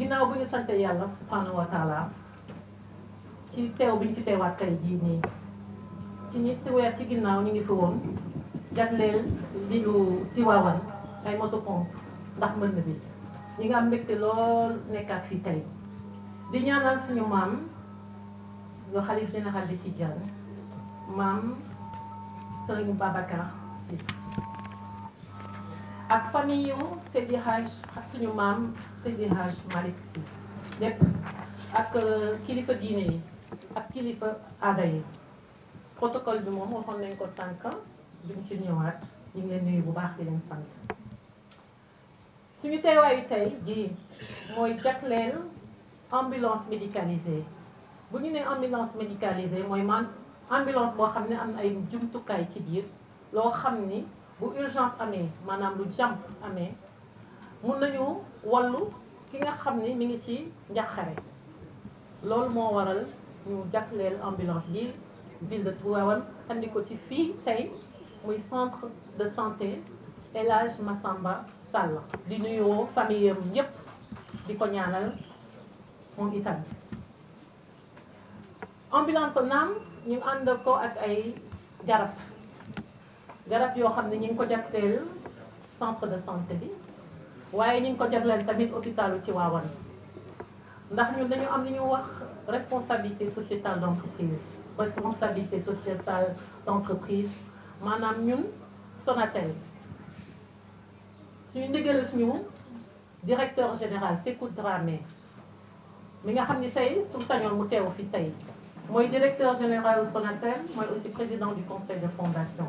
ginnaaw bu ñu sante yàlla subhanahu wa taala ci teew bi ñu fi teewaat tey jii nii ci ñetti weer ci ginnaaw ñu ngi fi woon jagleel li lu Tiwaawan ay moto pompe ndax mën bi ñi nga am mbégte lool nekkaat fi tey di ñaanal suñu maam lu xalif général di ci jàng maam Sëriñ Babacar Sy ak famille yu Seydi Hadj ak suñu maam Seydi Hadj Malick Sy lépp ak euh, kilifa diine yi ak kilifa aada yi protocole bi moom waxoon nañ ko sànq duñ ci ñëwaat ñu ngi leen nuyu bu baax di leen sant suñu teewaayu tey jii mooy jagleel ambulance médicalisée bu ñu nee ambulance médicalisée mooy man ambulance boo xam ne am ay jumtukaay ci biir loo xam ni bu urgence amé manam lu jàmp amé mun nañu wallu ki nga xam mi ngi ci njàqare waral ñu ambulance bi ville de Tivaouane andi ko ci centre de santé El Massamba Sall di famille am di ko ñaanal mon itam ambulance naam ñu ko ak ay garab yoo xam ne ñu ngi ko centre de santé bi waaye ñu ngi ko jagleel tamit hôpitalu Tivaouane ndax ñun dañu am li ñu wax responsabilité sociétale d'entreprise responsabilité sociétale d'entreprise maanaam ñun Sonatel suñu ndigal ñu directeur général Sékou Dramé mi nga xam ni tey su sañoon mu teew fi tey mooy directeur général Sonatel mooy aussi président du conseil de fondation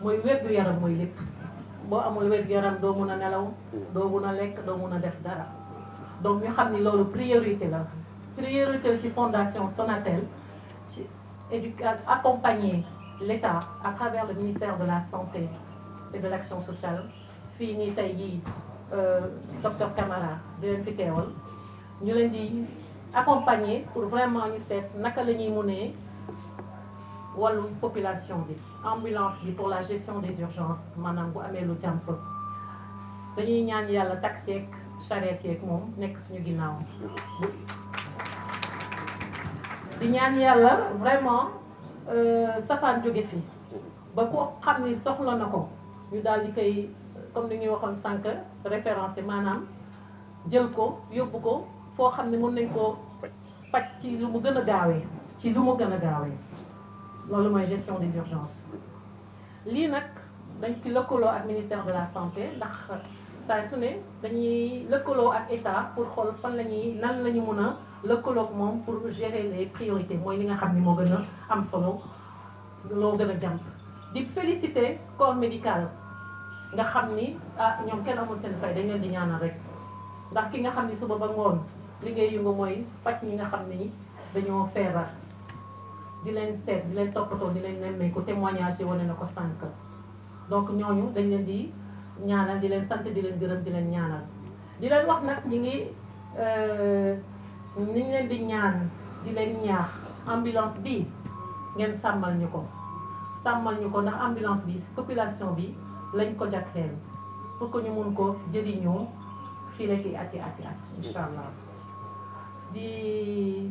moy wérgu yaram moy lépp boo amul wérgu yaram doo mun a nelaw doo mun a lekk doo mun a def dara donc ñu xam ni loolu priorité la priorité ci fondation Sonatel ci éducat accompagner l'État à travers le ministère de la santé et de l'action sociale fii nii tey jii euh, docteur Camara di leen fi teewal ñu leen di accompagner pour vraiment ñu seet naka la ñuy munee wàllu population bi ambulance bi pour la gestion des urgences maanaam bu amee lu jàmp dañuy ñaan yalla taxi yeeg charrette yeeg moom nekk suñu ginnaaw di ñaan yalla vraiment euh safaan jogé fi ba ko xamni soxla nako ñu dal di kay comme ni ñuy waxoon sank référencé manam jël ko yobbu ko fo xamni mën nañ ko faj ci lu mu gën a ci lu mu gën a loolu mooy gestion des urgences lii nag dañ ci lëkkaloo ak ministère de la santé ndax saa su ne dañuy lëkkaloo ak état pour xool fan la ñuy nan la ñu mun a lëkkaloog moom pour gérer les priorités mooy li nga xam ni moo gën a am solo loo gën a jàmp di féliciter corps médical nga xam ni ah ñoom kenn amul seen fay dañ leen di ñaanal rek ndax ki nga xam ni suba ba ngoon liggéey yu nga mooy faj ñi nga xam ni dañoo feebar di leen seet di leen toppatoo di leen nemmeeku témoignage yi wane na ko sànq donc ñooñu dañ leen di ñaanal di leen sant di leen gërëm di leen ñaanal di leen wax nag ñi ngi euh, niñ leen di ñaan di leen ñaax ambulance bi ngeen sàmmal ñu ko sàmmal ndax ambulance bi population bi lañ ko jagleel pour que ñu mun ko jëriñoo fii rekk ati ati at incha allah di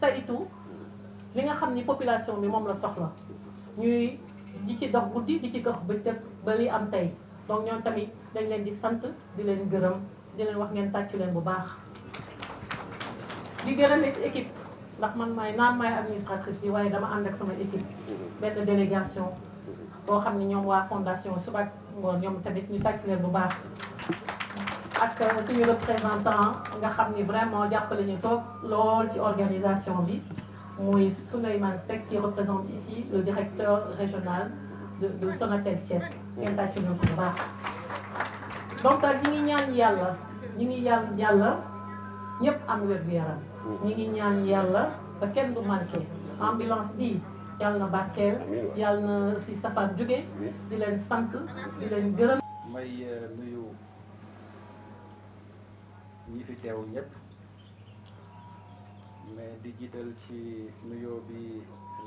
saytu li nga xam ni population bi moom la soxla ñuy di ci dox guddi di ci dox bëccëg ba li am tey donc ñoom tamit dañ leen di sant di leen gërëm di leen wax ngeen tàccu leen bu baax. di gën a gërëm équipe ndax man maay naan maay administratrice yi waaye dama ànd ak sama équipe benn délégation boo xam ne ñoom waa fondation suba ngoon ñoom tamit ñu tàccu leen bu baax. ak suñu représentant nga xam ni vraiment jàppale ñu toog lool ci organisation bi muy Souleymane Seck qui représente ici le directeur régional de de Sonatel Thiès ngeen tàccu ñu bu baax. donc ñu ngi ñaan yàlla ñu ngi ñaan yàlla ñëpp am wér-gu-yaram. ñu ngi ñaan yàlla ba kenn du manqué ambulance bii. yàlla na barkeel yàlla na fi safaan jóge di leen sant di leen gërëm. may euh, nuyu ñi fi teew ñëpp mais di jiital ci nuyoo bi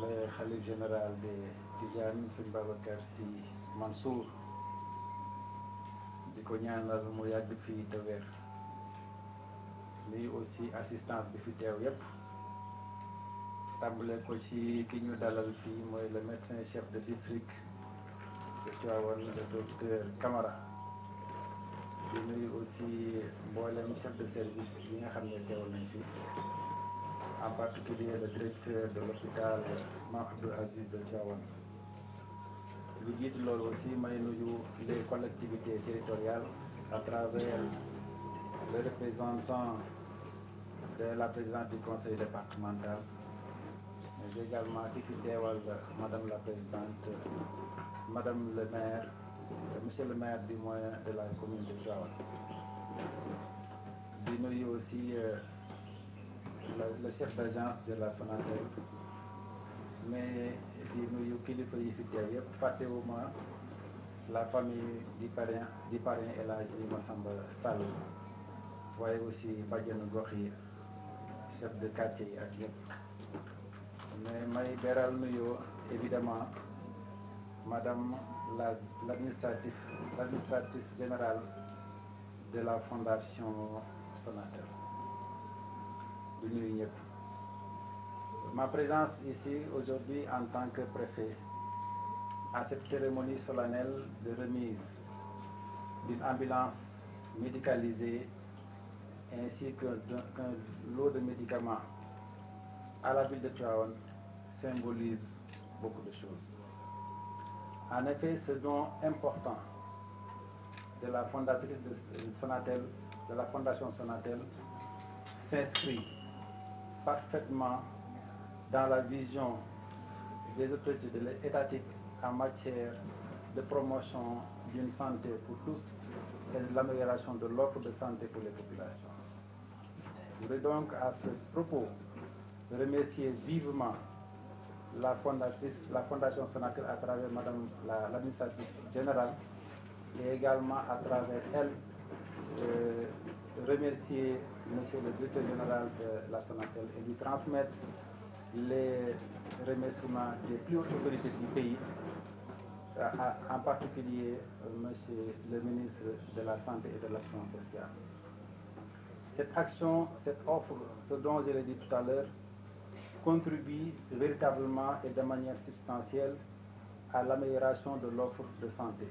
le xalif général de Tijaan sëñ Babacar si Mansour di ko ñaanal mu yàgg fii te wér nuyu aussi assistance bi fi teew yëpp tàmbale ko ci ki ñu dalal fii mooy le médecin chef de district de Tivaouane le docteur Camara nous nuyu aussi le chef de service nga de en particulier le directeur de l'hôpital Mame Aziz de Tivaouane Nous jiitu aussi les collectivités territoriales à travers le représentant de la présidente du conseil départemental mais également ki fi madame la présidente madame le maire euh, monsieur le maire du moyen de la commune de Tivaouane aussi euh, le, chef d'agence de la Sonatel mais di nuyu aussi le fi la famille du parrain là, je me semble Massamba Vous voyez aussi Badian gox chef de quartier à Dieu. mais may beral évidemment madame l'administratif, l'administratrice générale de la Fondation sonateur De New Ma présence ici aujourd'hui en tant que préfet à cette cérémonie solennelle de remise d'une ambulance médicalisée ainsi qu'un lot de médicaments à la ville de Traon symbolise beaucoup de choses. En effet, ce don important de la fondatrice de Sonatel, de la Fondation Sonatel, s'inscrit parfaitement dans la vision des autorités étatiques en matière de promotion d'une santé pour tous et de l'amélioration de l'offre de santé pour les populations. Je voudrais donc à ce propos remercier vivement la, fondatrice, la Fondation Sonatel à travers Madame l'administratrice générale et également à travers elle euh, remercier Monsieur le directeur général de la Sonatel et lui transmettre les remerciements des plus hautes autorités du pays, euh, en particulier euh, Monsieur le ministre de la Santé et de l'Action sociale. Cette action, cette offre, ce dont je l'ai dit tout à l'heure, contribue véritablement et de manière substantielle à l'amélioration de l'offre de santé,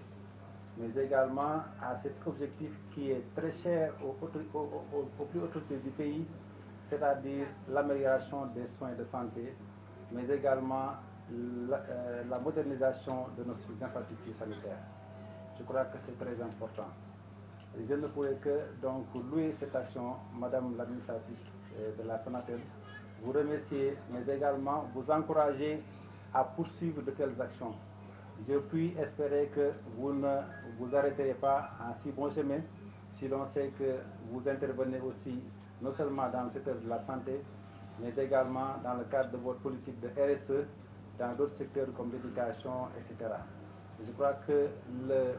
mais également à cet objectif qui est très cher aux, aux, aux, plus autorités du pays, c'est-à-dire l'amélioration des soins de santé, mais également euh, la, modernisation de nos infrastructures sanitaires. Je crois que c'est très important. Je ne pourrais que donc louer cette action, Madame l'administratrice euh, de la Sonatelle, vous remercier, mais également vous encourager à poursuivre de telles actions. Je puis espérer que vous ne vous arrêterez pas en si bon chemin si l'on sait que vous intervenez aussi non seulement dans le secteur de la santé, mais également dans le cadre de votre politique de RSE, dans d'autres secteurs comme l'éducation, etc. Je crois que le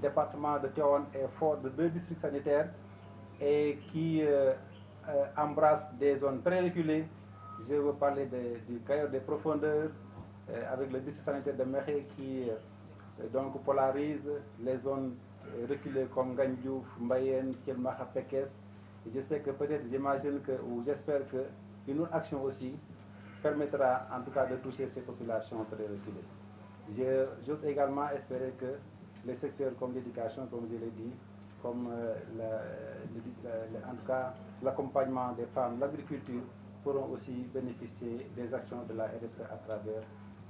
département de Théon est fort de deux districts sanitaires et qui euh, euh, embrasse des zones très reculées je veux parler du caillot des profondeurs euh, avec le district sanitaire de Méré qui euh, donc polarise les zones euh, reculées comme Gangdou, Mbayen, Kielmacha, Pekes. je sais que peut-être, j'imagine que, ou j'espère que une autre action aussi permettra en tout cas de toucher ces populations très reculées. J'ose également espérer que les secteurs comme l'éducation, comme je l'ai dit, comme en tout cas l'accompagnement des femmes, l'agriculture, pourront aussi bénéficier des actions de la RSE à travers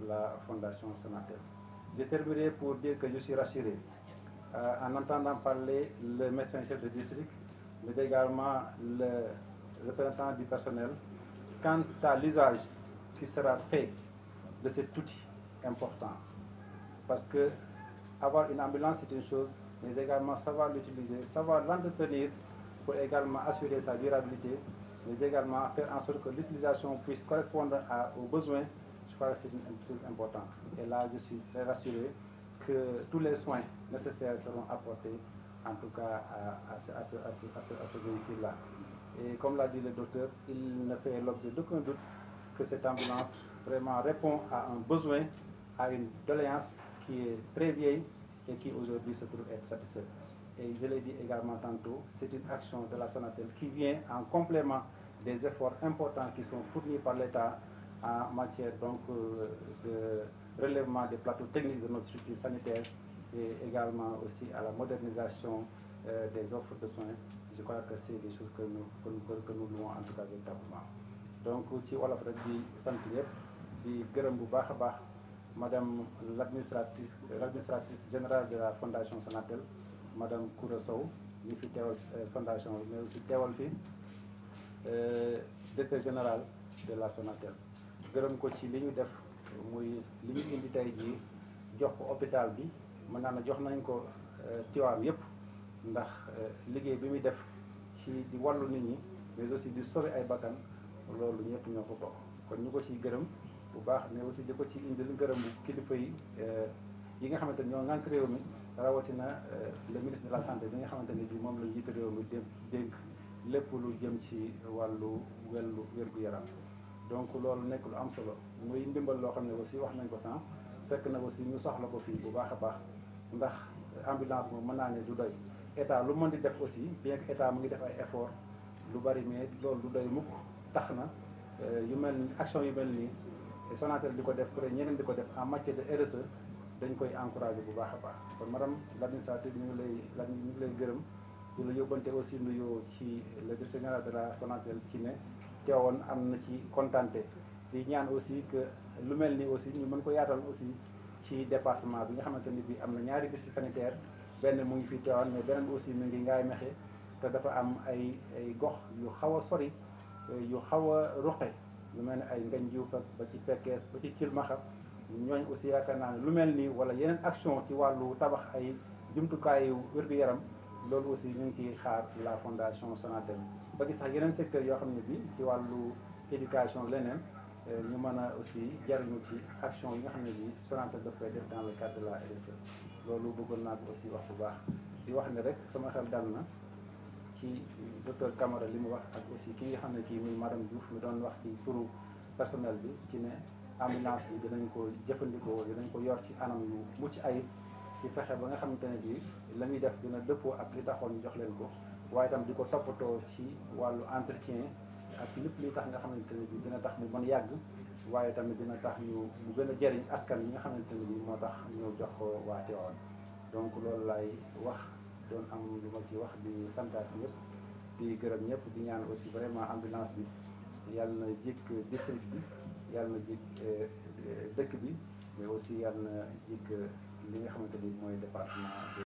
la Fondation sanitaire Je terminerai pour dire que je suis rassuré. Euh, en entendant parler le médecin-chef de district, mais également le représentant du personnel, quant à l'usage qui sera fait de cet outil important. Parce que avoir une ambulance, c'est une chose, mais également savoir l'utiliser, savoir l'entretenir pour également assurer sa durabilité mais également faire en sorte que l'utilisation puisse correspondre à, aux besoins, je crois que c'est important. Et là, je suis très rassuré que tous les soins nécessaires seront apportés, en tout cas, à, ce, véhicule-là. Et comme l'a dit le docteur, il ne fait l'objet d'aucun doute que cette ambulance vraiment répond à un besoin, à une doléance qui est très vieille et qui aujourd'hui se trouve être satisfaite. Et je l'ai dit également tantôt, c'est une action de la sonatelle qui vient en complément des efforts importants qui sont fournis par l'État en matière donc, euh, de relèvement des plateaux techniques de nos structures sanitaires et également aussi à la modernisation euh, des offres de soins. Je crois que c'est des choses que nous, que en tout cas véritablement. Donc, ci rek di madame l'administratrice générale de la fondation Sonatel madame Koura Sow euh, mais aussi Euh, directeur général de la Sonatel gërëm ko ci li ñu def muy li ñu indi tey jii jox ko hôpital bi mën naa na jox nañ ko euh, tiwaam yépp ndax euh, liggéey bi muy def ci di wàllu nit ñi mais aussi di sauver ay bakkan loolu ñëpp ñoo ko bokk kon ñu ko ciy gërëm bu baax mais aussi di ko ci indil gërëm kilifa yi yi nga xamante ne ñoo ngànk réew mi rawatina le ministre de la santé bi nga xamante ne bii moom la njiit réew mi dénk lépp lu jëm ci wàllu wellu wér-gu-yaram donc loolu nekk lu am solo muy ndimbal loo xam ne aussi wax nañ ko sànq fekk na aussi ñu soxla ko fii bu baax a baax ndax ambulance moom mën naa ne du doy état lu mën di def aussi bien que état mu ngi def ay effort lu bari mais loolu du doy mukk tax na euh, yu mel ni action yu mel nii Sonatel di ko def pré ñeneen di ko def en matière de RSE dañ koy encourager bu baax a baax kon madame l'administrateur ñu ngi lay ñu ngi lay gërëm di la yóbbante aussi nuyoo ci le directeur général de la Sonatel ci ne teewoon am na ci kontante di ñaan aussi que lu mel ni aussi ñu mën ko yaatal aussi ci département bi nga xamante ni bi am na ñaari ci sanitaire benn mu ngi fi teewaan ne beneen aussi mu ngi ngaay mexe te dafa am ay ay gox yu xaw a sori yu xaw a ruqe lu mel ni ay ngañ juuf ba ci pekkees ba ci cilmaxa ñooñ aussi yaakaar naa ne lu mel ni wala yeneen action ci wàllu tabax ay jumtukaayu wér yaram loolu aussi ñu ngi ciy xaar la fondation Sonatel ba gi sax yeneen secteur yoo xam ne bi ci wàllu éducation leneen euh, ñu mën a aussi jariñu ci action yi nga xam ne bi Sonatel daf koy def dans le cadre la RSE loolu bëggoon naa ko aussi wax bu baax di wax ne rek sama xel dal na ci docteur Camara li mu wax ak aussi ki nga xam ne kii muy madame Diouf mi doon wax ci turu personnel bi ci ne ambulance bi dinañ ko jëfandikoo dinañ ko yor ci anam yu mucc ayib ci fexe ba nga xamante ne ji la ñuy def dina dëppoo ak li taxoon ñu jox leen ko waaye itam di ko toppatoo ci wàllu entretien ak lépp li tax nga xamante ne ji dina tax mu mën yàgg waaye tamit dina tax ñu mu gën a jëriñ askan yi nga xamante ne ji moo tax ñu jox ko waa Tiwaawan donc loolu laay wax doon am lu ma ci wax di santaat ñëpp di gërëm ñëpp di ñaan aussi vraiment ambulance bi yàlla na jik district bi yàlla na jik euh, euh, dëkk bi mais aussi yàlla na li nga xamante ni mooy département